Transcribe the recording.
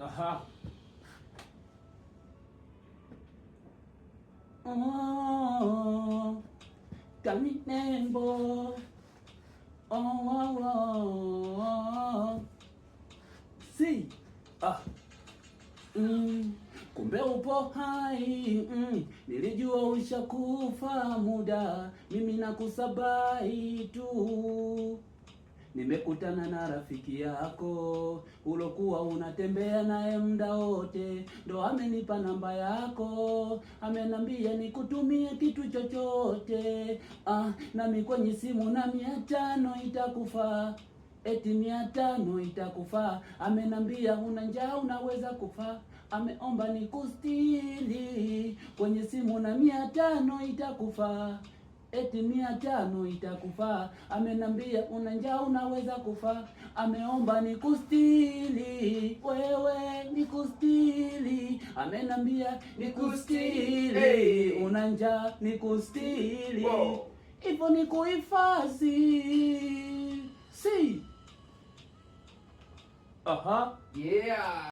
Aha. Oh, kami nembo. Oh, oh, oh. Si. Ah. Mm. Kumbe upo hai mm. Nilijua ushakufa muda, mimi nakusabai tu Nimekutana na rafiki yako ulokuwa unatembea naye muda wote, ndo amenipa namba yako, amenambia nikutumie kitu chochote. Ah, nami kwenye simu na mia tano itakufaa eti mia tano itakufaa. Amenambia una njaa unaweza kufa, ameomba nikustili kwenye simu na mia tano itakufaa eti mia tano itakufaa. Amenambia una njaa unaweza kufa. ameomba nikustili wewe, nikustili. Amenambia nikustili, una njaa nikustili, ipo nikuifasi si aha yeah.